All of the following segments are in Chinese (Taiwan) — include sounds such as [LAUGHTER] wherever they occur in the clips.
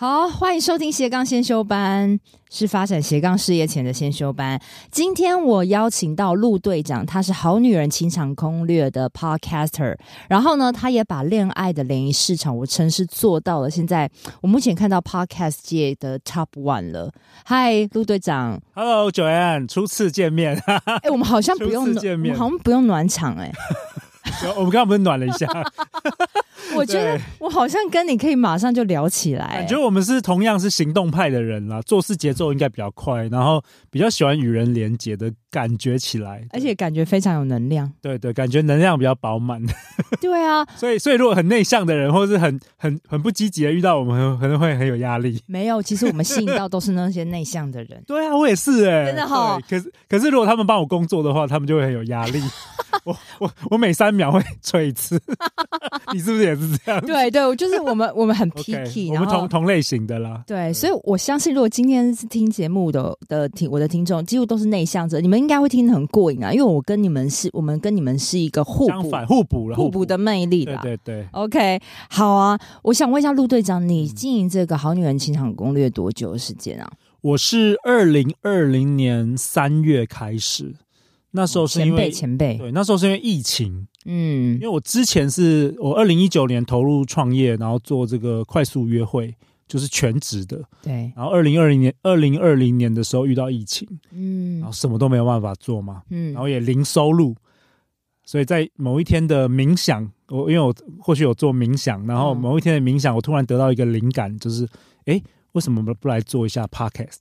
好，歡迎收聽斜槓先修班，是發展斜槓事業前的先修班。今天我邀請到路隊長，他是《好女人情場攻略》的 Podcaster，然後呢，他也把戀愛的聯誼市場，我稱是做到了現在，我目前看到 Podcast 界的 Top One 了。嗨，路隊長，Hello，Joanne，初次見面。哎、 [LAUGHS] 欸，我們好像不用見面，我們好像不用暖場哎、欸。 [LAUGHS] [LAUGHS] 我們剛剛不是暖了一下， [LAUGHS] 對我覺得我好像跟你可以馬上就聊起來、欸。感覺，我們是同樣是行動派的人啦，做事節奏應該比較快，然後比較喜歡與人連接的感覺起來，而且感覺非常有能量。對對，感覺能量比較飽滿。 [LAUGHS] 對啊，所以所以如果很內向的人，或是很很很不積極的遇到我們，可能會很有壓力。沒有，其實我們吸引到都是那些內向的人。 [LAUGHS] 對啊，我也是哎、欸，真的好。可是可是如果他們幫我工作的話，他們就會很有壓力。 [LAUGHS] 我我我每三秒會吹一次， [LAUGHS] 你是不是也是這樣子？ [LAUGHS] 對對，就是我們我們很 picky，Okay, 後我們同同類型的啦。對，對，所以我相信，如果今天是聽節目的的聽我的聽眾，幾乎都是內向者，你們應該會聽得很過癮啊！因為我跟你們是我們跟你們是一個互補，相反互補了，互補，互補的魅力，對對對，OK，好啊。我想問一下路隊長，你經營這個《好女人情場攻略》多久的時間啊？我是二零二零年三月開始。那時候是因為前輩前輩，對，那時候是因為疫情，嗯，因為我之前是我二零一九年投入創業，然後做這個快速約會，就是全職的，對，然後二零二零年二零二零年的時候遇到疫情，嗯，然後什麼都沒有辦法做嘛，嗯，然後也零收入，嗯，所以在某一天的冥想，我因為我或許有做冥想，然後某一天的冥想，我突然得到一個靈感，就是哎，為什麼不來做一下 podcast？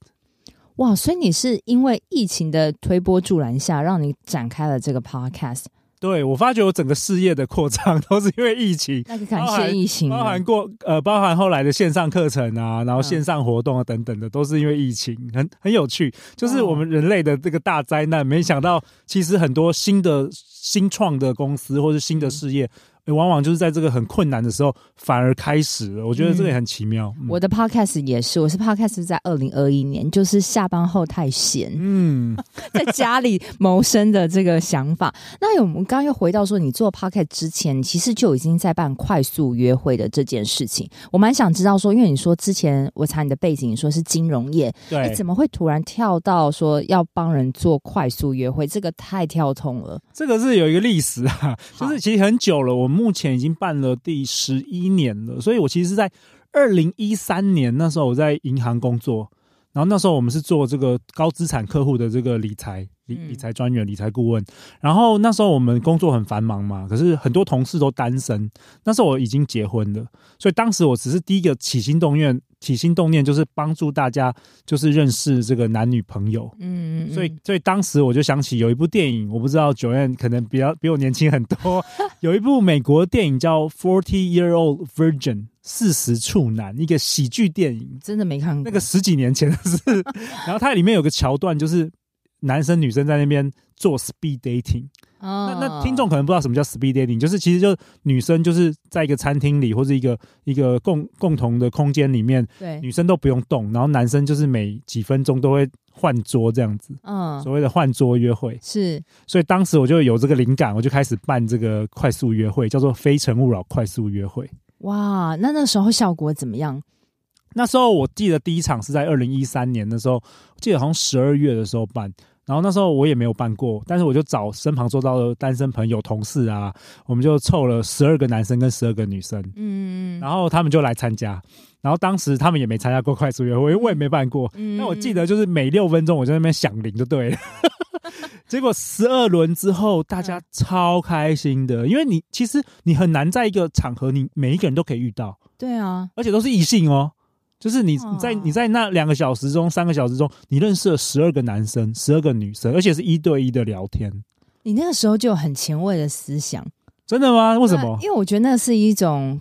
哇，所以你是因為疫情的推波助瀾下，讓你展開了這個 podcast？對，我發覺我整個事業的擴張都是因為疫情。那就感謝疫情，包含過呃，包含後來的線上課程啊，然後線上活動啊等等的，嗯、都是因為疫情，很很有趣。就是我們人類的這個大災難，嗯、沒想到其實很多新的新創的公司或是新的事業。嗯欸、往往就是在這個很困難的時候，反而開始了。我覺得這個也很奇妙。嗯嗯、我的 podcast 也是，我是 podcast 在二零二一年，就是下班後太閒，嗯， [LAUGHS] 在家裡謀生的這個想法。那我們剛剛又回到說，你做 podcast 之前，其實就已經在辦快速約會的這件事情。我蠻想知道說，因為你說之前我查你的背景，你說是金融業，對、欸，怎麼會突然跳到說要幫人做快速約會？這個太跳通了。這個是有一個歷史啊，就是其實很久了，好我們。目前已經辦了第十一年了，所以我其實是在二零一三年，那時候我在銀行工作，然後那時候我們是做這個高資產客戶的這個理財。理理財專員、理財顧問，然後那時候我們工作很繁忙嘛，可是很多同事都單身，那時候我已經結婚了，所以當時我只是第一個起心動願、起心動念，就是幫助大家就是認識這個男女朋友。嗯，所以所以當時我就想起有一部電影，我不知道 Joanne 可能比較比我年輕很多，有一部美國電影叫《Forty-Year-Old Virgin》，四十處男，一個喜劇電影，真的沒看過那個十幾年前的事。然後它裡面有個橋段就是。男生女生在那邊做 speed dating，哦，那那聽眾可能不知道什麼叫 speed dating，就是其實就女生就是在一個餐廳裡或是一個一個共共同的空間裡面，對，女生都不用動，然後男生就是每幾分鐘都會換桌這樣子，嗯，所謂的換桌約會是，所以當時我就有這個靈感，我就開始辦這個快速約會，叫做非誠勿擾快速約會。哇，那那時候效果怎麼樣？那時候我記得第一場是在二零一三年的時候，記得好像十二月的時候辦。然後那時候我也沒有辦過，但是我就找身旁周遭的單身朋友、同事啊，我們就湊了十二個男生跟十二個女生，嗯，然後他們就來參加。然後當時他們也沒參加過快速約會，我也沒辦過。那、嗯、我記得就是每六分鐘我就在那邊響鈴就對了。 [LAUGHS] 結果十二輪之後，大家超開心的，因為你其實你很難在一個場合，你每一個人都可以遇到，對啊，而且都是異性哦、喔。就是你在你在那兩個小時中、三個小時中，你認識了十二個男生、十二個女生，而且是一對一的聊天。你那個時候就有很前衛的思想，真的嗎？為什麼？因為我覺得那是一種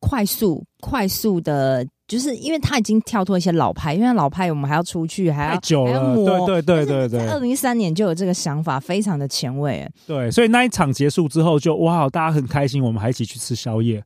快速、快速的，就是因為他已經跳脫一些老派。因為老派，我們還要出去，還要，太久了，還要磨。對對對對對。二零一三年就有這個想法，非常的前衛。對，所以那一場結束之後就，就哇哦，大家很開心，我們還一起去吃宵夜。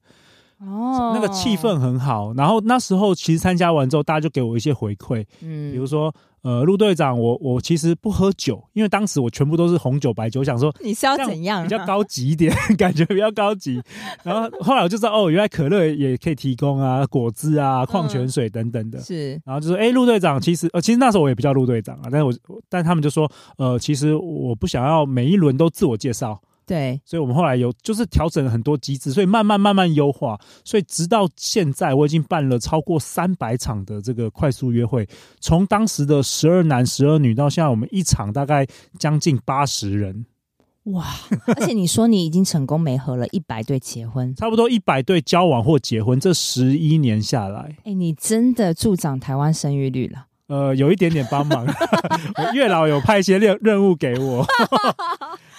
哦，那個氣氛很好。然後那時候其實參加完之後，大家就給我一些回饋，嗯，比如說呃，陸隊長，我我其實不喝酒，因為當時我全部都是紅酒、白酒，我想說你是要怎樣啊，這樣比較高級一點， [LAUGHS] 感覺比較高級。然後後來我就知道，哦，原來可樂也可以提供啊，果汁啊，礦泉水等等的。嗯、是，然後就說，哎、欸，陸隊長，其實呃，其實那時候我也不叫陸隊長啊，但是我但他們就說，呃，其實我不想要每一輪都自我介紹。對，所以，我們後來有就是調整了很多機制，所以慢慢慢慢優化，所以直到現在，我已經辦了超過三百場的這個快速約會，從當時的十二男十二女到現在，我們一場大概將近八十人。哇！而且你說你已經成功媒合了一百對結婚， [LAUGHS] 差不多一百對交往或結婚，這十一年下來，哎、欸，你真的助長台灣生育率了？呃，有一點點幫忙， [LAUGHS] [LAUGHS] 月老有派一些任任務給我。 [LAUGHS] [LAUGHS]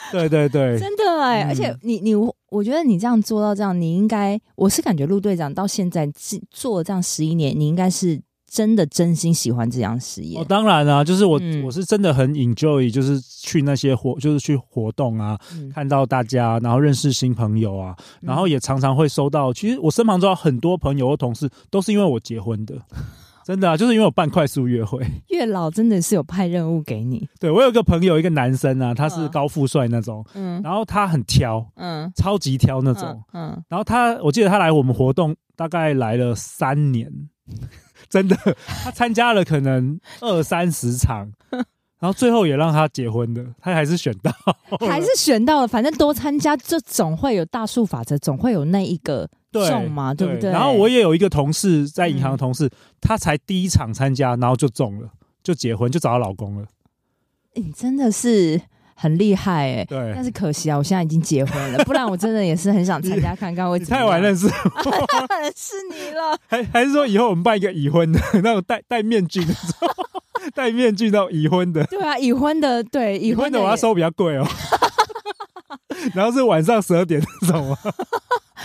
[LAUGHS] 對對對，真的哎、欸！嗯、而且你你，我覺得你這樣做到這樣，你應該，我是感覺陸隊長到現在做了這樣十一年，你應該是真的真心喜歡這樣事業。哦，當然啊，就是我、嗯、我是真的很 enjoy，就是去那些活，就是去活動啊，嗯、看到大家，然後認識新朋友啊，然後也常常會收到。嗯、其實我身旁知道很多朋友和同事都是因為我結婚的。 [LAUGHS] 真的啊，就是因為我辦快速約會，月老真的是有派任務給你。對，我有一個朋友，一個男生啊，他是高富帥那種，嗯、然後他很挑，嗯，超級挑那種，嗯。嗯然後他，我記得他來我們活動，嗯、大概來了三年， [LAUGHS] 真的，他參加了可能二三十場， [LAUGHS] 然後最後也讓他結婚的，他還是選到，還是選到了。反正多參加，就總會有大數法則，總會有那一個。中嘛，對不對？然後我也有一個同事，在銀行的同事，他才第一場參加，然後就中了，就結婚，就找到老公了。你真的是很厲害哎！對，但是可惜啊，我現在已經結婚了，不然我真的也是很想參加看看。剛剛我太晚認識是你了，還還是說以後我們辦一個已婚的，那種戴戴面具的，戴面具到已婚的。對啊，已婚的，對已婚的，我要收比較貴哦。然後是晚上十二點的時候。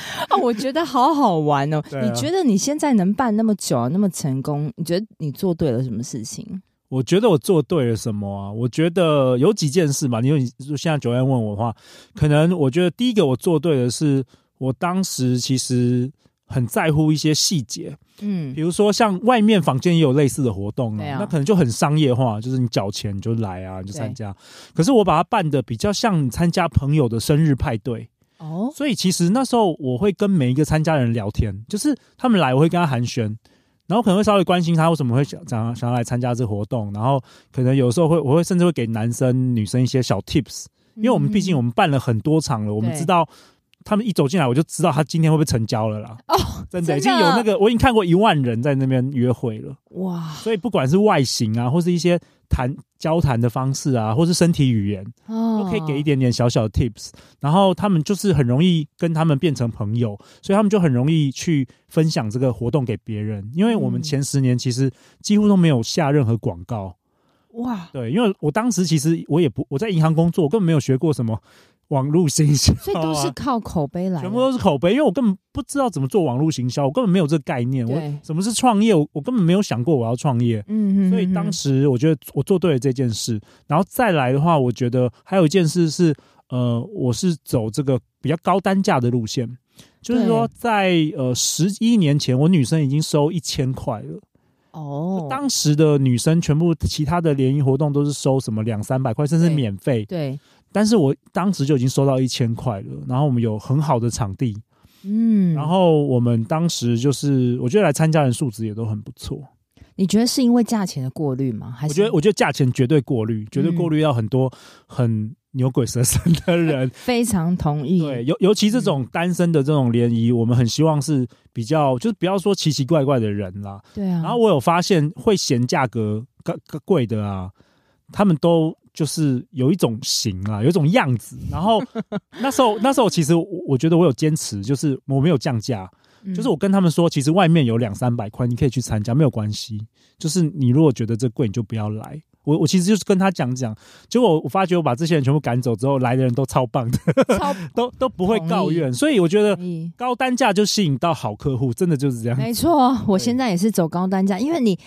[LAUGHS] 啊，我覺得好好玩哦！啊、你覺得你現在能辦那麼久啊，那麼成功？你覺得你做對了什麼事情？我覺得我做對了什麼啊？我覺得有幾件事嘛。你有現在 Joanne 問我的話，可能我覺得第一個我做對的是，我當時其實很在乎一些細節，嗯，比如說像外面房間也有類似的活動啊，啊那可能就很商業化，就是你繳錢你就來啊，你就參加。對可是我把它辦的比較像你參加朋友的生日派對。哦，所以其實那時候我會跟每一個參加的人聊天，就是他們來我會跟他寒暄，然後可能會稍微關心他為什麼會想想要來參加這活動，然後可能有時候會我會甚至會給男生女生一些小 tips，因為我們畢竟我們辦了很多場了，我們知道他們一走進來我就知道他今天會不會成交了啦。哦對，真的已經有那個我已經看過一萬人在那邊約會了，哇！所以不管是外形啊，或是一些談交談的方式啊，或是身體語言。可以給一點點小小的 tips，然後他們就是很容易跟他們變成朋友，所以他們就很容易去分享這個活動給別人。因為我們前十年其實幾乎都沒有下任何廣告，哇、嗯，對，因為我當時其實我也不我在銀行工作，我根本沒有學過什麼。網絡行銷，所以都是靠口碑來，全部都是口碑。因為我根本不知道怎麼做網絡行銷，我根本沒有這個概念。對我什麼是創業，我我根本沒有想過我要創業。嗯嗯，所以當時我覺得我做對了這件事。然後再來的話，我覺得還有一件事是，呃，我是走這個比較高單價的路線，就是說在對呃十一年前，我女生已經收一千塊了。哦，就當時的女生全部其他的聯誼活動都是收什麼兩三百塊，塊對甚至免費。對。但是我當時就已經收到一千塊了，然後我們有很好的場地，嗯，然後我們當時就是，我覺得來參加人素質也都很不錯。你覺得是因為價錢的過濾嗎？還是我覺得我覺得價錢絕對過濾，絕對過濾掉很多很牛鬼蛇神、神的人，嗯，非常同意。對，尤尤其這種單身的這種聯誼，嗯、我們很希望是比較，就是不要說奇奇怪怪的人啦。對啊。然後我有發現會嫌價格更更貴的啊，他們都。就是有一種型啊，有一種樣子。然後 [LAUGHS] 那時候，那時候其實我，我覺得我有堅持，就是我沒有降價，嗯、就是我跟他們說，其實外面有兩三百塊，你可以去參加，沒有關係。就是你如果覺得這貴，你就不要來。我我其實就是跟他講講，結果我發覺我把這些人全部趕走之後，來的人都超棒的， [LAUGHS] 超都都不會抱怨。同意 所以我覺得高單價就吸引到好客戶，真的就是這樣。沒錯，我現在也是走高單價，對因為你。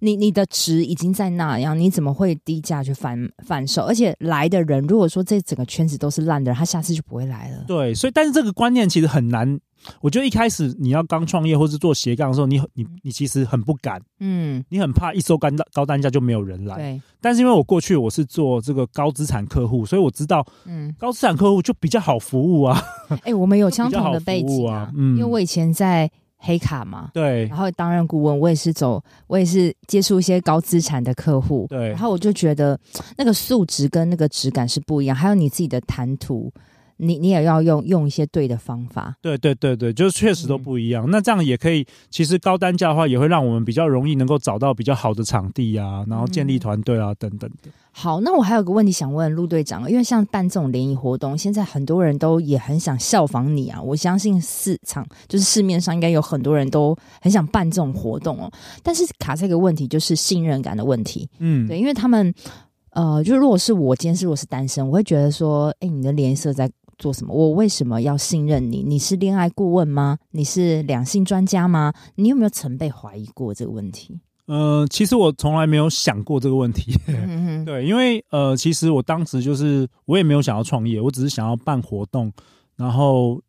你你的值已經在那樣，你怎麼會低價去反反手？而且來的人，如果說這整個圈子都是爛的人，他下次就不會來了。對，所以但是這個觀念其實很難。我覺得一開始你要剛創業或是做斜槓的時候，你你你其實很不敢，嗯，你很怕一收單高單價就沒有人來。對，但是因為我過去我是做這個高資產客戶，所以我知道，嗯，高資產客戶就比較好服務啊。誒、嗯欸，我們有相同的背景啊， [LAUGHS] 嗯，因為我以前在。黑卡嘛，對，然後擔任顧問，我也是走，我也是接觸一些高資產的客戶，對，然後我就覺得那個素質跟那個質感是不一樣，還有你自己的談吐。你你也要用用一些對的方法，對對對對，就是確實都不一樣。嗯、那這樣也可以，其實高單價的話，也會讓我們比較容易能夠找到比較好的場地啊，然後建立團隊啊，嗯、等等。好，那我還有個問題想問路隊長，因為像辦這種聯誼活動，現在很多人都也很想效仿你啊。我相信市場就是市面上應該有很多人都很想辦這種活動哦，但是卡這個問題，就是信任感的問題。嗯，對，因為他們呃，就是如果是我今天是我是單身，我會覺得說，哎，你的臉色在。做什麼？我為什麼要信任你？你是戀愛顧問嗎？你是兩性專家嗎？你有沒有曾被懷疑過這個問題？嗯、呃，其實我從來沒有想過這個問題。嗯、哼 [LAUGHS] 對，因為呃，其實我當時就是我也沒有想要創業，我只是想要辦活動，然後。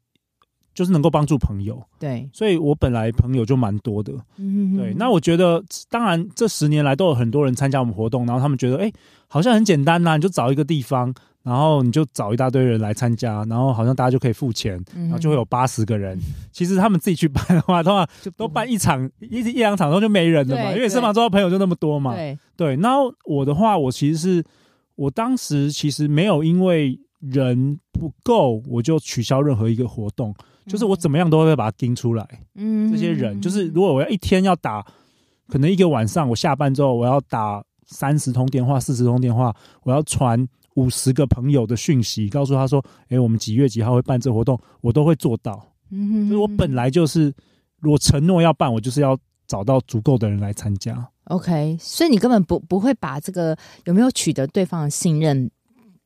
就是能夠幫助朋友，對，所以我本來朋友就蠻多的，嗯哼，對。那我覺得，當然這十年來都有很多人參加我們活動，然後他們覺得，哎、欸，好像很簡單吶，你就找一個地方，然後你就找一大堆人來參加，然後好像大家就可以付錢，然後就會有八十個人。嗯、哼其實他們自己去辦的話，的話都辦一場，不一、一兩場之後就沒人了嘛，因為身邊的朋友就那麼多嘛，對。那我的話，我其實是，我當時其實沒有因為人不夠，我就取消任何一個活動。就是我怎麼樣都會把它盯出來，嗯哼，這些人就是如果我要一天要打，可能一個晚上我下班之後我要打三十通電話、四十通電話，我要傳五十個朋友的訊息，告訴他說：“哎，我們幾月幾號會辦這活動？”我都會做到。嗯哼嗯哼，就是我本來就是，我承諾要辦，我就是要找到足夠的人來參加。OK，所以你根本不不會把這個有沒有取得對方的信任，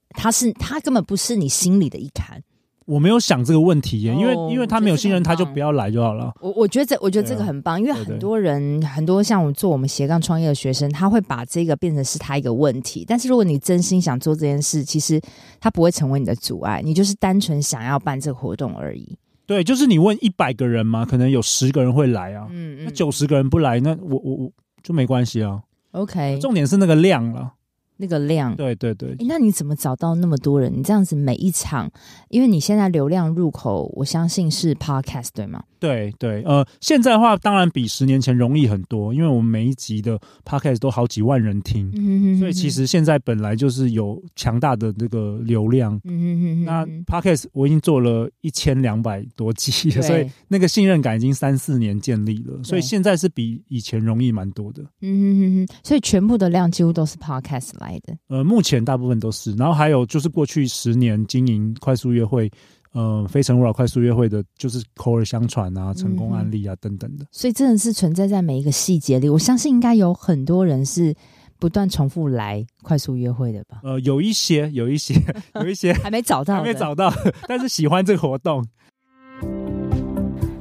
他是他根本不是你心裡的一坎。我沒有想這個問題耶，因為、哦、因為他沒有信任，他就不要來就好了。我我覺得這我覺得這個很棒，啊、因為很多人，對對對，很多像我們做我們斜槓創業的學生，他會把這個變成是他一個問題。但是如果你真心想做這件事，其實他不會成為你的阻礙，你就是單純想要辦這個活動而已。對，就是你問一百個人嘛，可能有十個人會來啊，嗯嗯，那九十個人不來，那我我我就沒關係啊。OK，重點是那個量了。那個量，對對對。那你怎麼找到那麼多人？你這樣子每一場，因為你現在流量入口，我相信是 Podcast 對嗎？對對，呃，現在的話當然比十年前容易很多，因為我們每一集的 Podcast 都好幾萬人聽，嗯、哼哼哼，所以其實現在本來就是有強大的那個流量。嗯嗯，那 Podcast 我已經做了一千兩百多集，對所以那個信任感已經三四年建立了，對所以現在是比以前容易蠻多的。嗯嗯嗯嗯，所以全部的量幾乎都是 Podcast 來的。呃，目前大部分都是，然後還有就是過去十年經營快速約會，呃，非誠勿擾快速約會的，就是口耳相傳啊，成功案例啊、嗯、等等的，所以真的是存在在每一個細節裡。我相信應該有很多人是不斷重複來快速約會的吧？呃，有一些，有一些，有一些 [LAUGHS] 還沒找到，還沒找到，但是喜歡這個活動。 [LAUGHS]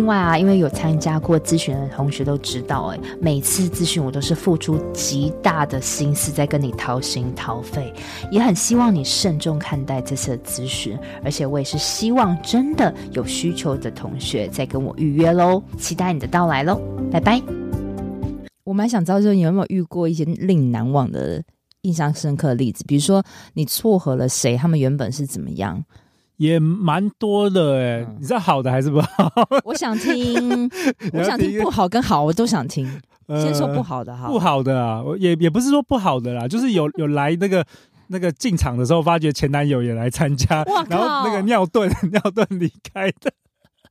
另外啊，因為有參加過諮詢的同學都知道，欸，每次諮詢我都是付出極大的心思在跟你掏心掏肺，也很希望你慎重看待這次的諮詢。而且我也是希望真的有需求的同學再跟我預約嘍，期待你的到來嘍，拜拜。我蠻想知道，就是你有沒有遇過一些令你難忘的、印象深刻的例子？比如說，你撮合了誰？他們原本是怎麼樣？也蠻多的哎、欸，嗯、你知道好的還是不好？我想聽， [LAUGHS] 聽我想聽不好跟好我都想聽。呃、先說不好的哈，不好的啊，我也也不是說不好的啦、啊，就是有有來那個那個進場的時候發覺前男友也來參加， [LAUGHS] 然後那個尿遁尿遁離開的。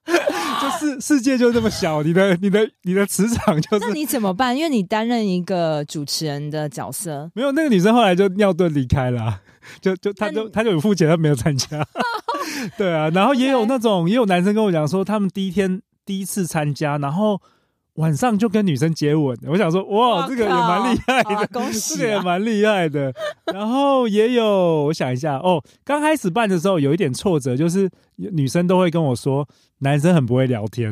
靠 [LAUGHS] 就世世界就這麼小，你的你的你的磁場就是。那你怎麼辦？因為你擔任一個主持人的角色。沒有，那個女生後來就尿遁離開了啊，就就她你就她就有付錢，她沒有參加。 [LAUGHS] 對啊，然後也有那種 Okay. 也有男生跟我講說，他們第一天第一次參加，然後。晚上就跟女生接吻，我想說哇，哇靠這個也蠻厲害的，啊啊、這個也蠻厲害的。然後也有，我想一下哦，剛開始辦的時候有一點挫折，就是女生都會跟我說男生很不會聊天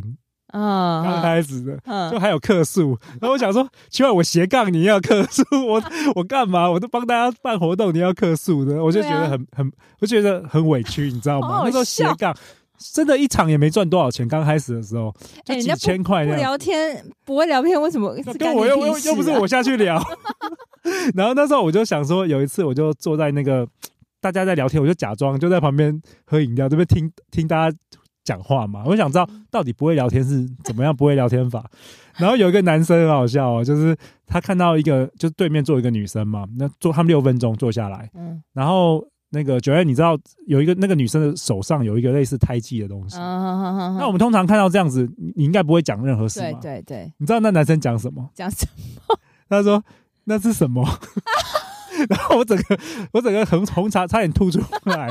啊。剛、嗯、開始的，嗯、就還有客訴，然後我想說，奇怪，我斜槓你要客訴，我我幹嘛？我都幫大家辦活動，你要客訴的，我就覺得很、啊、很，我覺得很委屈，你知道嗎？那時候斜槓。真的，一場也沒賺多少錢。剛開始的時候，就幾千塊、欸。不聊天，不會聊天，為什麼、啊？跟我又又不是我下去聊。 [LAUGHS] [LAUGHS] 然後那時候我就想說，有一次我就坐在那個大家在聊天，我就假裝就在旁邊喝飲料，這邊聽聽大家講話嘛。我想知道到底不會聊天是怎麼樣不會聊天法。 [LAUGHS] 然後有一個男生很好笑哦，就是他看到一個就對面坐一個女生嘛，那坐他們六分鐘坐下來，嗯、然後。那個，Joanne，你知道有一個那個女生的手上有一個類似胎記的東西。Uh, 那我們通常看到這樣子，你應該不會講任何事。對對對。你知道那男生講什麼？講什麼？他說：“那是什麼？” [LAUGHS] [LAUGHS] 然後我整個，我整個紅紅茶差點吐出來。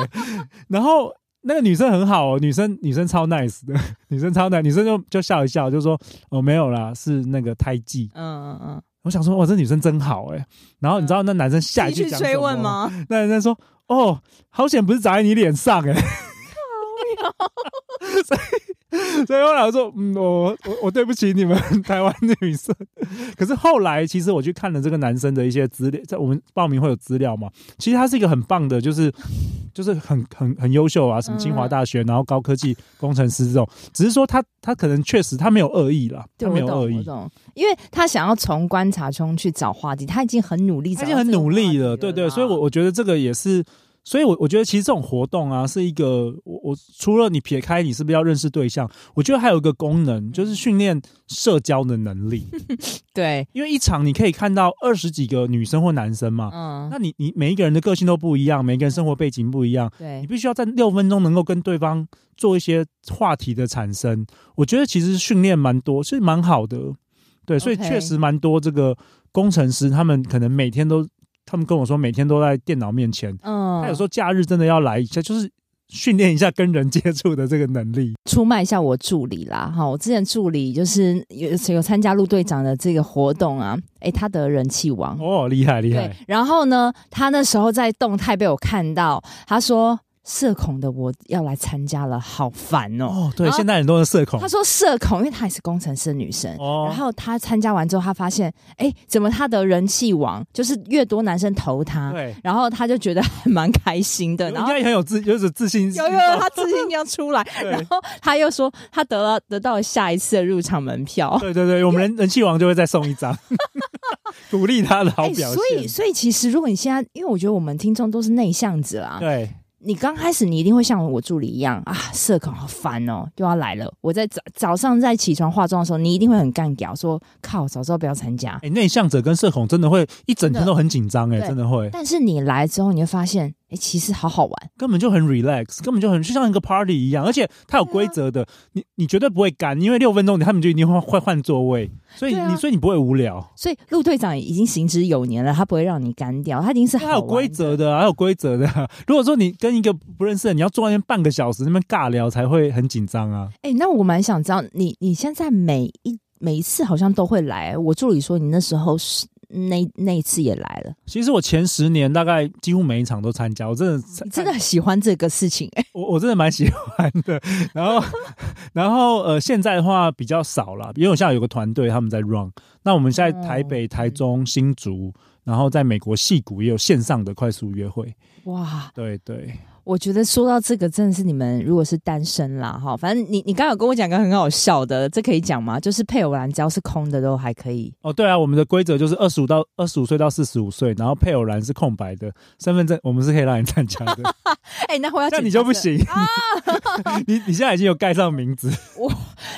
然後那個女生很好哦，女生女生超 nice 的，女生超 nice，女生就就笑一笑，就說：“哦，沒有啦，是那個胎記。”嗯嗯嗯。我想說，哇，這女生真好哎！然後你知道那男生下一句講什麼嗎？那男生說：“哦，好險，不是砸在你臉上哎！”哈哈哈哈哈。所以我老說，嗯，我我我對不起你們台灣女生。 [LAUGHS] 可是後來，其實我去看了這個男生的一些資料，在我們報名會有資料嘛。其實他是一個很棒的，就是就是很很很優秀啊，什麼清華大學，然後高科技工程師這種。只是說他他可能確實他沒有惡意啦，對他沒有惡意，因為他想要從觀察中去找話題，他已經很努力這了，他已經很努力了，對，對對。吧所以，我我覺得這個也是。所以我，我我覺得其實這種活動啊，是一個我我除了你撇開你是不是要認識對象，我覺得還有一個功能，就是訓練社交的能力。 [LAUGHS] 對，因為一場你可以看到二十幾個女生或男生嘛，嗯，那你你每一個人的個性都不一樣，每一個人生活背景不一樣，嗯、對，你必須要在六分鐘能夠跟對方做一些話題的產生。我覺得其實訓練蠻多，是蠻好的，對，Okay 所以確實蠻多這個工程師他們可能每天都。他們跟我說，每天都在電腦面前。嗯，他有時候假日真的要來一下，就是訓練一下跟人接觸的這個能力。出賣一下我助理啦，哈！我之前助理就是有有參加路隊長的這個活動啊，誒，欸，他得人氣王哦，厲害厲害。對，然後呢，他那時候在動態被我看到，他說。社恐的我要來參加了，好煩哦！對，現在很多人社恐。他說社恐，因為他也是工程師的女生。哦，然後他參加完之後，他發現，哎，怎麼他的人氣王就是越多男生投他，對，然後他就覺得還蠻開心的，然後很有自，就是自信，有有他自信要出來，然後他又說他得了，得到了下一次的入場門票。對對對，我們人人氣王就會再送一張，鼓勵他的好表現。所以，所以其實如果你現在，因為我覺得我們聽眾都是內向者啊，對。你剛開始，你一定會像我助理一樣啊，社恐好煩哦，又要來了。我在早早上在起床化妝的時候，你一定會很幹譙，說靠，早知道不要參加。欸，內向者跟社恐真的會一整天都很緊張，欸，誒，真的會。但是你來之後，你會發現。哎、欸，其實好好玩，根本就很 relax，根本就很就像一個 party 一樣，而且它有規則的，啊、你你絕對不會乾，因為六分鐘你他們就一定會會換座位，所以你、啊、所以你不會無聊。所以陸隊長已經行之有年了，他不會讓你乾掉，他已經是他有規則的，他有規則的、啊規則的啊。如果說你跟一個不認識的人，你要坐在那邊半個小時那邊尬聊，才會很緊張啊。哎、欸，那我蠻想知道，你你現在每一每一次好像都會來，我助理說你那時候是。那那一次也來了。其實我前十年大概幾乎每一場都參加，我真的，真的很喜歡這個事情、欸。我我真的蠻喜歡的。然後， [LAUGHS] 然後呃，現在的話比較少了，因為我現在有個團隊，他們在 run。那我們現在台北、哦、台中、新竹，然後在美國矽谷也有線上的快速約會。哇！對，對對。我覺得說到這個，真的是你們如果是單身啦，哈，反正你你剛剛有跟我講個很好笑的，這可以講嗎？就是配偶欄只要是空的都還可以。哦，對啊，我們的規則就是二十五到二十五歲到四十五歲，然後配偶欄是空白的，身份證我們是可以讓你參加的。哎、 [LAUGHS] 欸，那我要，那你就不行 [LAUGHS] 啊！ [LAUGHS] 你你現在已經有蓋上名字。 [LAUGHS] 我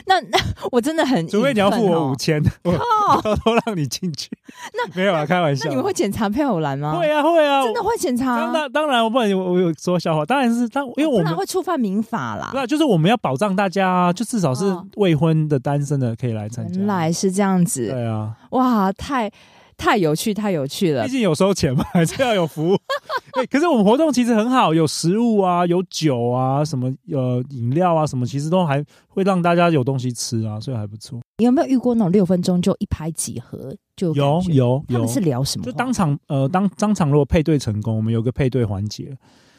那，那我真的很、哦，除非你要付我五千，偷偷、哦、我 [LAUGHS] 讓你進去，那沒有啊，那開玩笑。那你們會檢查配偶欄嗎？會啊，會啊，真的會檢查、啊。那當然，當然我不能我，我有說笑話，當然是當，因為我們、哦、會觸犯民法啦。那、啊、就是我們要保障大家、啊，就至少是未婚的單身的可以來參加。原來是這樣子，對啊，哇，太。太有趣，太有趣了！畢竟有收錢嘛，還是要有服務。 [LAUGHS] 欸、可是我們活動其實很好，有食物啊，有酒啊，什麼呃飲料啊，什麼其實都還會讓大家有東西吃啊，所以還不錯。你有沒有遇過那種六分鐘就一拍即合？就有有，有，他們是聊什麼？有就當場呃，當當場如果配對成功，我們有個配對環節。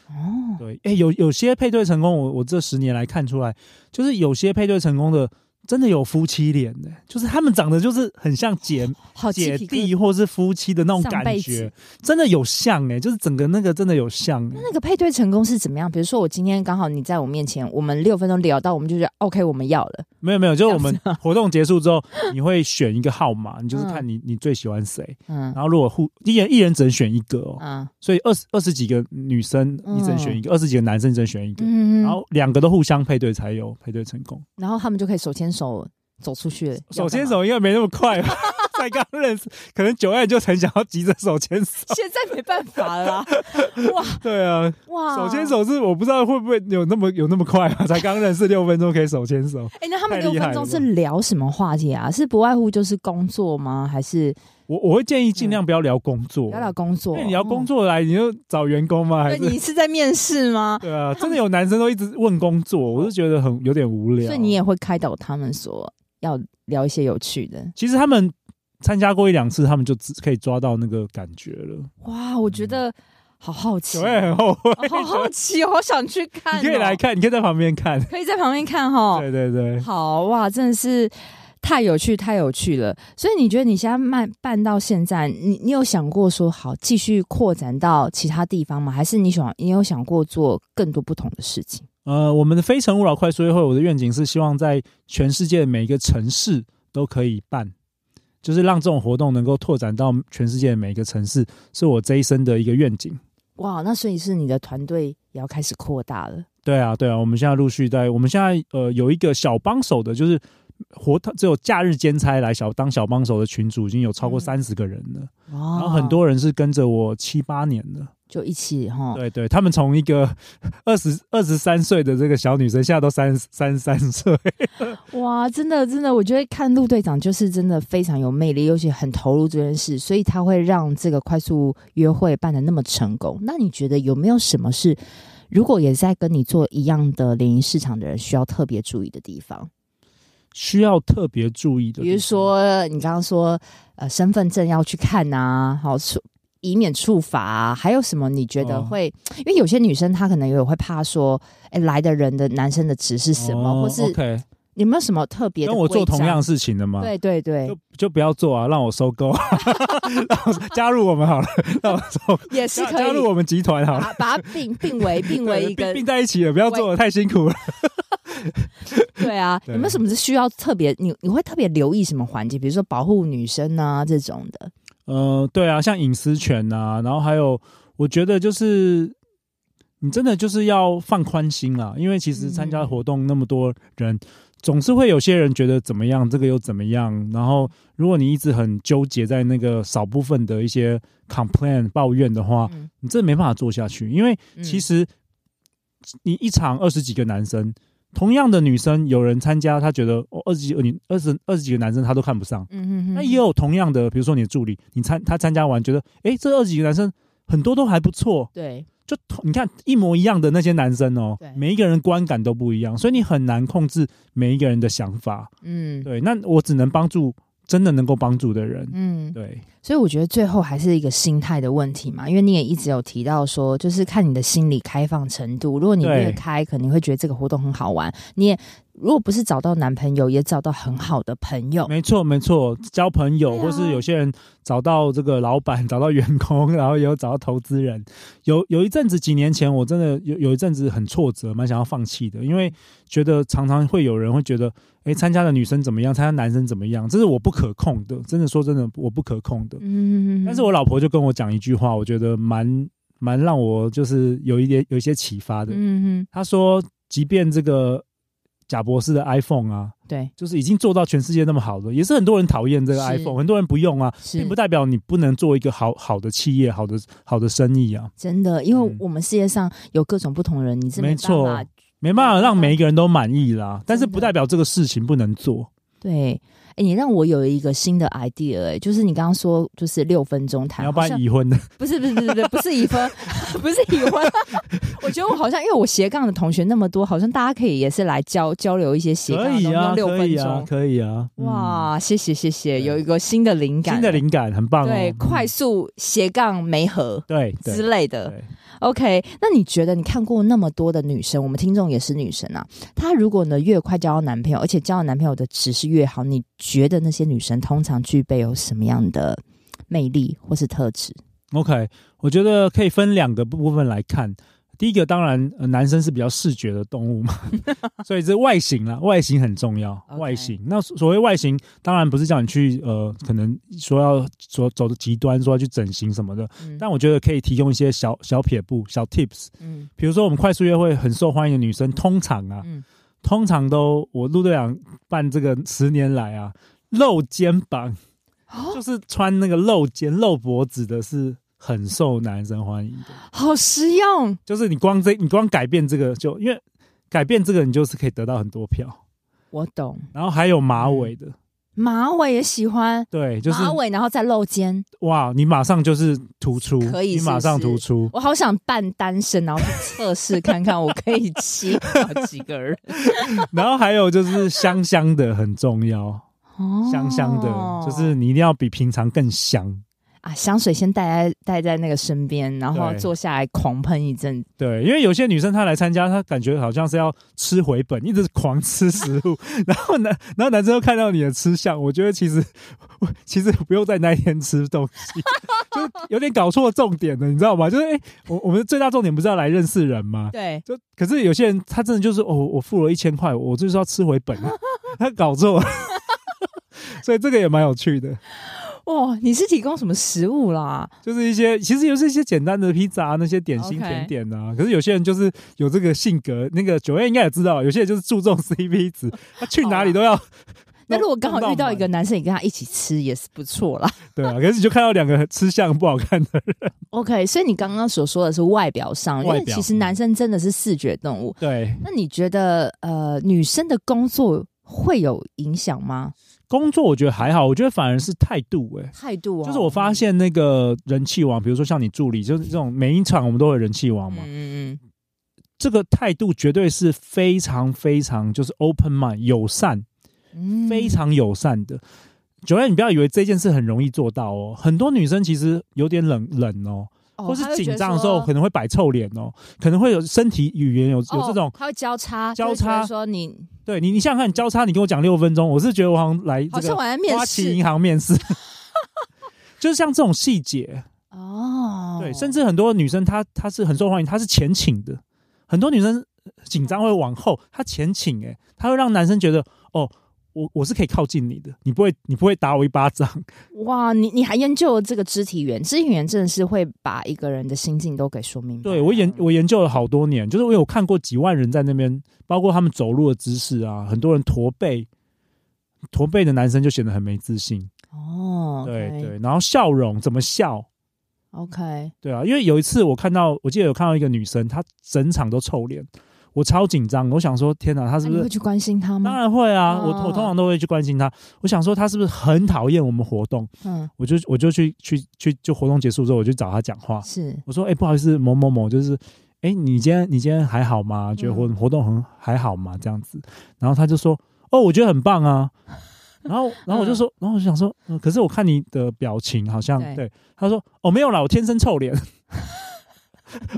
哦，對，哎，有有些配對成功，我我這十年來看出來，就是有些配對成功的。真的有夫妻臉的、欸，就是他們長得就是很像姐姐弟，或是夫妻的那種感覺，真的有像哎、欸，就是整個那個真的有像。那那個配對成功是怎麼樣？比如說我今天剛好你在我面前，我們六分鐘聊到，我們就覺得 OK，我們要了。沒有沒有，就是我們活動結束之後，你會選一個號碼，你就是看你、嗯、你最喜歡誰，嗯，然後如果互一人一人只能選一個哦，嗯、啊，所以二十二十幾個女生一人選一個，嗯、二十幾個男生一人選一個，然後兩個都互相配對才有配對成功，然後他們就可以手牽手走出去，手牽手應該沒那麼快吧。 [LAUGHS] 才剛認識，可能久愛就曾想要急着手牽手。現在沒辦法啦， [LAUGHS] 哇！對啊，哇！手牽手是我不知道會不會有那麼有那麼快啊？才剛認識六分鐘可以手牽手。哎、欸，那他們六分鐘是聊什麼話題啊？是不外乎就是工作嗎？還是、嗯、我我會建議盡量不要聊工作，聊聊、嗯、工作。因為你要工作來，嗯、你就找員工嗎？還是你是在面試嗎？是對啊，們真的有男生都一直問工作，我就覺得很有點無聊。所以你也會開導他們說要聊一些有趣的。其實他們。參加過一兩次，他們就只可以抓到那個感覺了。哇，我覺得好好奇。哦，我也很好好好奇，好想去看。你可以來看，你可以在旁邊看，可以在旁邊看哈。哦。對對對，好哇，真的是太有趣，太有趣了。所以你覺得你現在辦辦到現在，你你有想過說好繼續擴展到其他地方嗎？還是你想你有想過做更多不同的事情？呃，我們的非誠勿擾快速約會，我的願景是希望在全世界每一個城市都可以辦。就是讓這種活動能夠拓展到全世界的每一個城市，是我這一生的一個願景。哇，那所以是你的團隊也要開始擴大了。對啊，對啊，我們現在陸續在，我們現在呃有一個小幫手的，就是活他只有假日兼差來小當小幫手的群組已經有超過三十個人了。嗯哦、然後很多人是跟着我七八年了。就一起哈，哦、對對，他們從一個二十二十三歲的這個小女生，現在都三三十三歲， [LAUGHS] 哇，真的真的，我覺得看路隊長就是真的非常有魅力，尤其很投入這件事，所以他會讓這個快速約會辦得那麼成功。那你覺得有沒有什麼事？如果也在跟你做一樣的聯誼市場的人，需要特別注意的地方？需要特別注意的，比如說你剛剛說，呃，身份證要去看啊，好以免處罰、啊，還有什麼？你覺得會？哦、因為有些女生她可能也會怕說，哎、欸，來的人的男生的值是什麼，哦、或是 okay 有沒有什麼特別跟我做同樣事情的嗎？對對對，就就不要做啊，讓我收購， [LAUGHS] 加入我們好了，讓我收也是可以加入我們集團好了，把它並並為並為一個並在一起了，也不要做的為太辛苦了。 [LAUGHS] 對啊，對有沒有什麼是需要特別？你你會特別留意什麼環節？比如說保護女生啊這種的。呃，對啊，像隱私權吶、啊，然後還有，我覺得就是你真的就是要放寬心啦、啊，因為其實參加活動那麼多人，嗯、總是會有些人覺得怎麼樣，這個又怎麼樣，然後如果你一直很糾結在那個少部分的一些 complain 抱怨的話，嗯、你真的沒辦法做下去，因為其實你一場二十幾個男生。同樣的女生，有人參加，她覺得，哦，二十幾個、女二十二十幾個男生她都看不上。嗯嗯嗯。那也有同樣的，比如說你的助理，你參她參加完，覺得哎，這二十幾個男生很多都還不錯。對。就同你看一模一樣的那些男生哦，對，每一個人觀感都不一樣，所以你很難控制每一個人的想法。嗯。對，那我只能幫助真的能夠幫助的人。嗯。對。所以我覺得最後還是一個心態的問題嘛，因為你也一直有提到說，就是看你的心理開放程度。如果你越開，對可能會覺得這個活動很好玩。你也如果不是找到男朋友，也找到很好的朋友，沒錯沒錯，交朋友、啊、或是有些人找到這個老板，找到員工，然後也有找到投資人。有有一陣子幾年前，我真的有有一陣子很挫折，蠻想要放棄的，因為覺得常常會有人會覺得，哎、欸，參加的女生怎麼樣，參加男生怎麼樣，這是我不可控的。真的說真的，我不可控的。嗯嗯嗯，但是我老婆就跟我講一句話，我覺得蠻蠻讓我就是有一點有一些啟發的。嗯嗯，她說，即便這個賈伯斯的 iPhone 啊，對，就是已經做到全世界那麼好了，也是很多人討厭這個 iPhone，是很多人不用啊，是並不代表你不能做一個好好的企業，好的好的生意啊。真的，因為我們世界上有各種不同人，嗯、你是沒錯，沒辦法讓每一個人都滿意啦。嗯、但是不代表這個事情不能做。對，哎，欸，你讓我有一個新的 idea，哎，欸，就是你剛剛說，就是六分鐘談，你要不然已婚的？不是，不是，不是，不， [LAUGHS] 不是已婚，不是已婚。 [LAUGHS] 我覺得我好像，因為我斜槓的同學那麼多，好像大家可以也是來交交流一些斜槓。啊，可以啊，六分鐘，可以啊，嗯，哇，謝謝謝謝，對有一個新的靈感。喔，新的靈感很棒。喔，對，快速斜槓媒合，對，對之類的。OK，那你覺得你看過那麼多的女生，我們聽眾也是女生啊。她如果呢，越快交到男朋友，而且交到男朋友的值是越好，你覺得那些女生通常具備有什麼樣的魅力或是特質？OK，我覺得可以分兩個部分來看。第一個當然、呃，男生是比較視覺的動物嘛， [LAUGHS] 所以這外形啦，外形很重要。Okay. 外形，那所謂外形，當然不是叫你去呃，可能說要說走的極端，說要去整形什麼的。嗯、但我覺得可以提供一些小小撇步、小 tips。嗯，比如說我們快速約會很受歡迎的女生，通常啊，嗯、通常都我路隊長辦這個十年來啊，露肩膀，蛤就是穿那個露肩、露脖子的是。很受男生歡迎的，好實用。就是你光這，你光改變這個，就因為改變這個，你就是可以得到很多票。我懂。然後還有馬尾的，馬尾也喜歡。對，就是馬尾，然後再露肩。哇，你馬上就是突出，可以你馬上突出。我好想扮單身，然後去測試看看，我可以欺負幾個人。然後還有就是香香的很重要。香香的，就是你一定要比平常更香。啊，香水先帶在帶在那個身邊，然後坐下來狂噴一陣。對，因為有些女生她來參加，她感覺好像是要吃回本，一直是狂吃食物。 [LAUGHS] 然後男，然後男生又看到你的吃相，我覺得其實我其實不用在那一天吃東西， [LAUGHS] 就是有點搞錯重點了，你知道嗎？就是哎，欸，我，我們最大重點不是要來認識人嗎？ [LAUGHS] 對就。就可是有些人他真的就是哦，我付了一千塊，我就是要吃回本，他搞錯了， [LAUGHS] 所以這個也蠻有趣的。哦，你是提供什麼食物啦？就是一些，其實也是一些簡單的披薩，啊，那些點心甜點吶、啊。Okay. 可是有些人就是有這個性格，那個 Joanne 應該也知道，有些人就是注重 CP 值，他去哪裡都要。Oh. 都那如果剛好遇到一個男生 [LAUGHS] 你跟他一起吃，也是不錯啦。對啊，可是你就看到兩個吃相不好看的人。 [LAUGHS] OK，所以你剛剛所說的是外表上，外表。因為其實男生真的是視覺動物。對。那你覺得，呃，女生的工作會有影響嗎？工作我覺得還好，我覺得反而是態度哎、欸，態度啊，就是我發現那個人氣王，嗯、比如說像你助理，就是這種每一場我們都有人氣王嘛，嗯，這個態度絕對是非常非常就是 open mind 友善，嗯、非常友善的。Joanne，你不要以為這件事很容易做到哦，很多女生其實有點冷冷哦。或是緊張的時候，可能會擺臭臉哦，可能會有身體語言，有有這種，他會交叉交叉說你，對你，你想想看，交叉，你跟我講六分鐘，我是覺得我好像來，好像我在面試，花旗銀行面試，就是像這種細節哦，對，甚至很多女生她，她是很受歡迎，她是前傾的，很多女生緊張會往後，她前傾，哎，她會讓男生覺得哦。我我是可以靠近你的，你不會你不會打我一巴掌。哇，你你還研究了這個肢體語言？肢體語言真的是會把一個人的心境都給說明。對我研我研究了好多年，就是我有看過幾萬人在那邊，包括他們走路的姿勢啊，很多人駝背，駝背的男生就顯得很沒自信。哦、okay，對對，然後笑容怎麼笑？OK，對啊，因為有一次我看到，我記得有看到一個女生，她整場都臭臉。我超緊張，我想說，天哪、啊，他是不是、啊、你會去關心他嗎？當然會啊，Oh. 我我通常都會去關心他。我想說，他是不是很討厭我們活動？嗯我，我就我就去去去，就活動結束之後，我就去找他講話。是，我說，哎、欸，不好意思，某某某，就是，哎、欸，你今天你今天還好嗎？嗯、覺得活活動很還好嗎？這樣子，然後他就說，哦，我覺得很棒啊。 [LAUGHS] 然後然後我就說，然後我就想說、嗯，可是我看你的表情好像對，對。他說，哦，沒有啦，我天生臭臉。 [LAUGHS]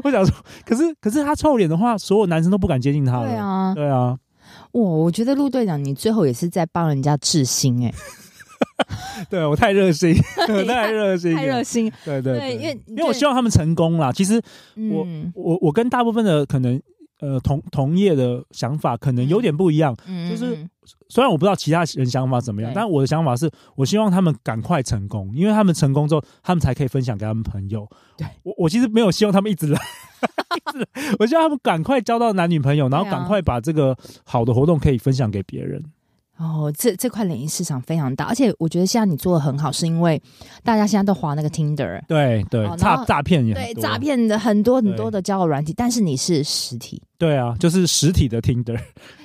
我想說，可是可是他臭臉的話，所有男生都不敢接近他了。對啊，對啊。哇，我我覺得陸隊長，你最後也是在幫人家置信哎、欸。 [LAUGHS] 對我太熱心， [LAUGHS] 太熱心太，太熱心。對對，對，對，因為因為我希望他們成功啦。其實我，嗯、我我我跟大部分的可能。呃，同同業的想法可能有點不一樣，嗯、就是雖然我不知道其他人想法怎麼樣，對但我的想法是，我希望他們趕快成功，因為他們成功之後，他們才可以分享給他們朋友。對，我我其實沒有希望他們一直來，是， [LAUGHS] [LAUGHS] 我希望他們趕快交到男女朋友，然後趕快把這個好的活動可以分享給別人。哦，這這塊領域市場非常大，而且我覺得現在你做的很好，是因為大家現在都滑那個 Tinder，對、欸、對，詐詐騙人，哦、對詐騙的很多很多的交友軟體，對但是你是實體。對啊，就是實體的 Tinder，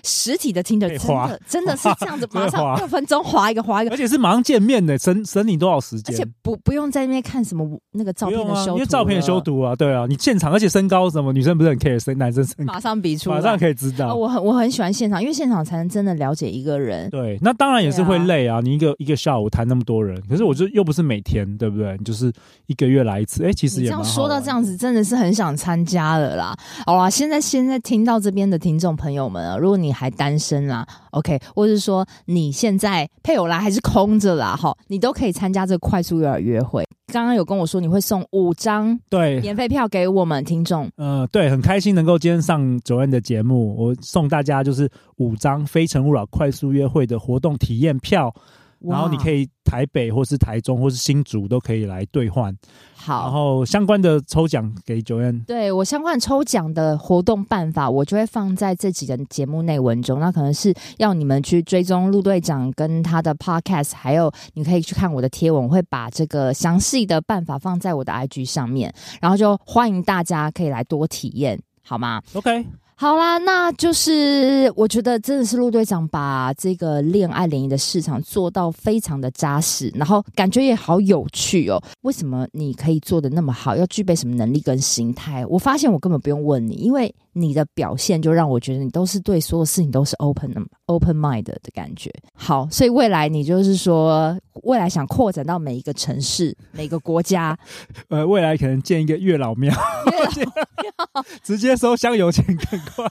實體的 Tinder，真的真的是這樣子，馬上六分鐘劃一個劃一個，而且是馬上見面的，省省你多少時間，而且不不用在那邊看什麼那個照片的修，因為照片修圖啊，對啊，你現場，而且身高什麼，女生不是很 care，生男生馬上比出，馬上可以知道。我很我很喜歡現場，因為現場才能真的了解一個人。對，那當然也是會累啊，你一個一個下午談那麼多人，可是我就又不是每天，對不對？你就是一個月來一次，哎，其實也。你這樣說到這樣子，真的是很想參加了啦。好啊，現在現在。聽到這邊的聽眾朋友們啊，如果你還單身啦，OK，或者是說你現在配偶啦還是空着啦，吼，你都可以參加這個快速育兒約會。剛剛有跟我說你會送五張對免費票給我們對聽眾眾，呃，對，很開心能夠今天上 Joanne 的節目，我送大家就是五張《非誠勿擾》快速約會的活動體驗票。然後你可以台北或是台中或是新竹都可以來兌換，好 Wow。然後相關的抽獎給 Joanne。對，我相關抽獎的活動辦法，我就會放在這幾個節目內文中。那可能是要你們去追蹤路隊長跟他的 Podcast，還有你可以去看我的貼文，我會把這個詳細的辦法放在我的 IG 上面。然後就歡迎大家可以來多體驗，好嗎？OK。好啦，那就是我覺得真的是路隊長把這個戀愛聯誼的市場做到非常的扎實，然後感覺也好有趣哦。為什麼你可以做的那麼好？要具備什麼能力跟心態？我發現我根本不用問你，因為你的表現就讓我覺得你都是對所有事情都是 open 的嘛。Open mind 的感覺，好，所以未來你就是說，未來想擴展到每一個城市、每個國家，呃，未來可能建一個月老廟，直接收香油錢更快，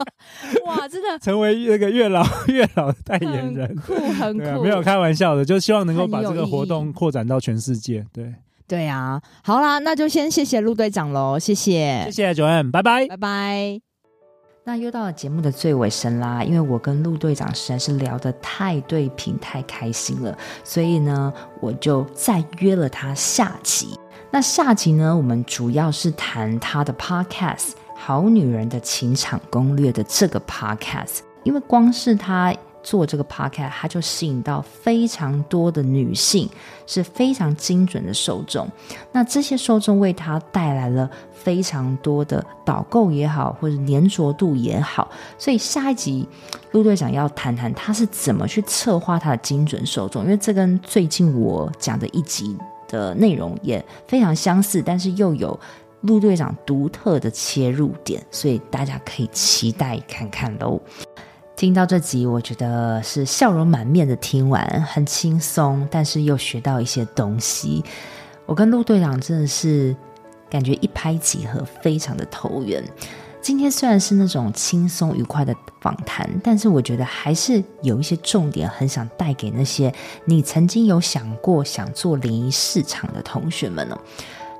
[LAUGHS] 哇，真的成為那個月老月老的代言人，酷很酷，很酷，啊，沒有開玩笑的，就希望能夠把這個活動擴展到全世界，對，對呀，啊，好啦，那就先謝謝路隊長嘍，謝謝，謝謝 Joanne，拜拜，拜拜。那又到了節目的最尾聲啦，因為我跟路隊長實在是聊得太對頻、太開心了，所以呢，我就再約了他下集。那下集呢，我們主要是談他的 podcast《好女人的情場攻略》的這個 podcast，因為光是他，做這個 podcast 它就吸引到非常多的女性，是非常精準的受眾。那這些受眾為他帶來了非常多的導購也好，或者粘着度也好。所以下一集陸隊長要談談他是怎麼去策劃他的精準受眾，因為這跟最近我講的一集的內容也非常相似，但是又有陸隊長獨特的切入點，所以大家可以期待看看嘍。聽到這集，我覺得是笑容滿面的聽完，很輕鬆，但是又學到一些東西。我跟路隊長真的是感覺一拍即合，非常的投緣。今天雖然是那種輕鬆愉快的訪談，但是我覺得還是有一些重點，很想帶給那些你曾經有想過想做聯誼市場的同學們呢、哦。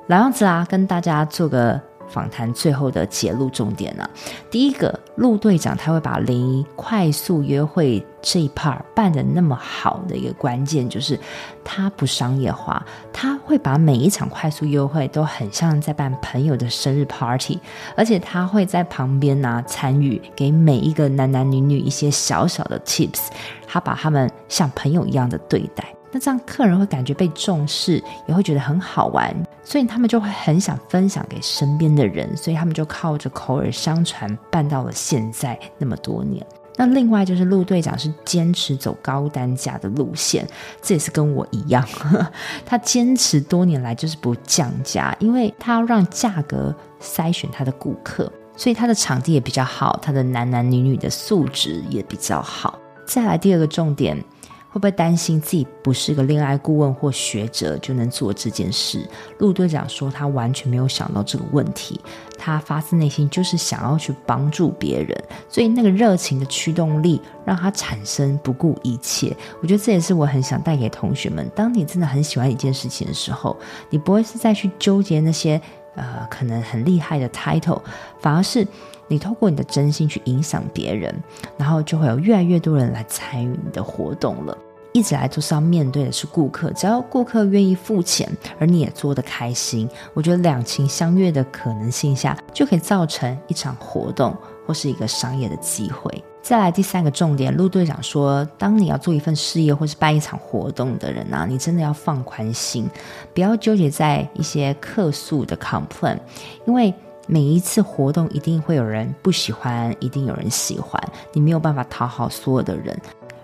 老樣子啦，跟大家做個。訪談最後的結論重點啊，第一個，陸隊長他會把零一快速約會這一 part 辦得那麼好的一個關鍵就是，他不商業化，他會把每一場快速約會都很像在辦朋友的生日 party，而且他會在旁邊呢、啊、參與，給每一個男男女女一些小小的 tips，他把他們像朋友一樣的對待。那這樣客人會感覺被重視，也會覺得很好玩，所以他們就會很想分享給身邊的人，所以他們就靠着口耳相傳辦到了現在那麼多年。那另外就是路隊長是堅持走高單價的路線，這也是跟我一樣呵呵，他堅持多年來就是不降價，因為他要讓價格篩選他的顧客，所以他的場地也比較好，他的男男女女的素質也比較好。再來第二個重點。會不會擔心自己不是個戀愛顧問或學者就能做這件事？路隊長說他完全沒有想到這個問題，他發自內心就是想要去幫助別人，所以那個熱情的驅動力讓他產生不顧一切。我覺得這也是我很想帶給同學們：當你真的很喜歡一件事情的時候，你不會是再去糾結那些呃可能很厲害的 title，反而是。你透過你的真心去影響別人，然後就會有越來越多人來參與你的活動了。一直來都是要面對的是顧客，只要顧客願意付錢，而你也做得開心，我覺得兩情相悅的可能性下，就可以造成一場活動或是一個商業的機會。再來第三個重點，路隊長說，當你要做一份事業或是辦一場活動的人啊，你真的要放寬心，不要糾結在一些客訴的 complain，因為。每一次活動一定會有人不喜歡，一定有人喜歡，你沒有辦法討好所有的人。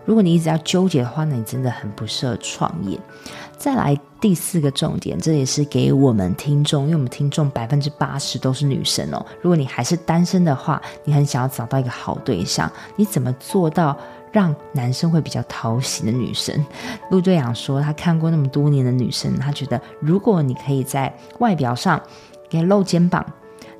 如果你一直要糾結的話，那你真的很不適合創業。再來第四個重點，這也是給我們聽眾，因為我們聽眾百分之八十都是女生哦。如果你還是單身的話，你很想要找到一個好對象，你怎麼做到讓男生會比較討喜的女生？路隊長說他看過那麼多年的女生，他覺得如果你可以在外表上給露肩膀，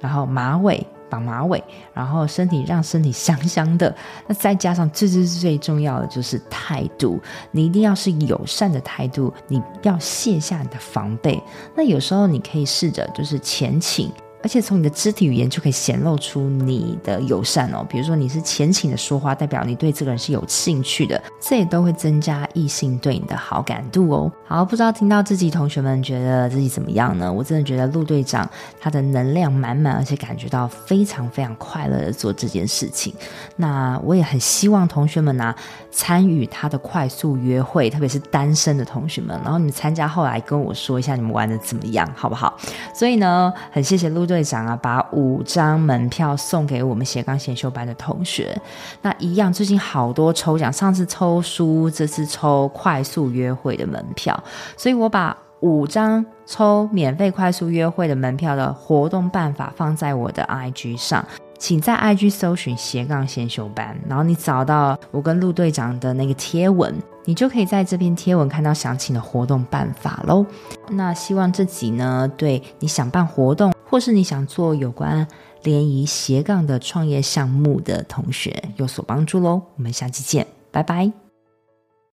然後馬尾，綁馬尾，然後身體讓身體香香的。那再加上最最最重要的就是態度，你一定要是友善的態度，你要卸下你的防備。那有時候你可以試着就是前傾。而且從你的肢體語言就可以顯露出你的友善哦，比如說你是前傾的說話，代表你對這個人是有興趣的，這也都會增加異性對你的好感度哦。好，不知道聽到自己同學們覺得自己怎麼樣呢？我真的覺得陸隊長他的能量滿滿，而且感覺到非常非常快樂的做這件事情。那我也很希望同學們呢、啊、參與他的快速約會，特別是單身的同學們。然後你們參加後來跟我說一下你們玩的怎麼樣，好不好？所以呢，很謝謝陸隊。隊長啊，把五張門票送給我們斜槓先修班的同學。那一樣，最近好多抽獎，上次抽書，這次抽快速約會的門票。所以我把五張抽免費快速約會的門票的活動辦法放在我的 IG 上，請在 IG 搜尋斜槓先修班，然後你找到我跟路隊長的那個貼文，你就可以在這篇貼文看到詳情的活動辦法嘍。那希望自己呢，對你想辦活動，或是你想做有關聯誼斜槓的創業項目的同學，有所幫助嘍。我們下期見，拜拜。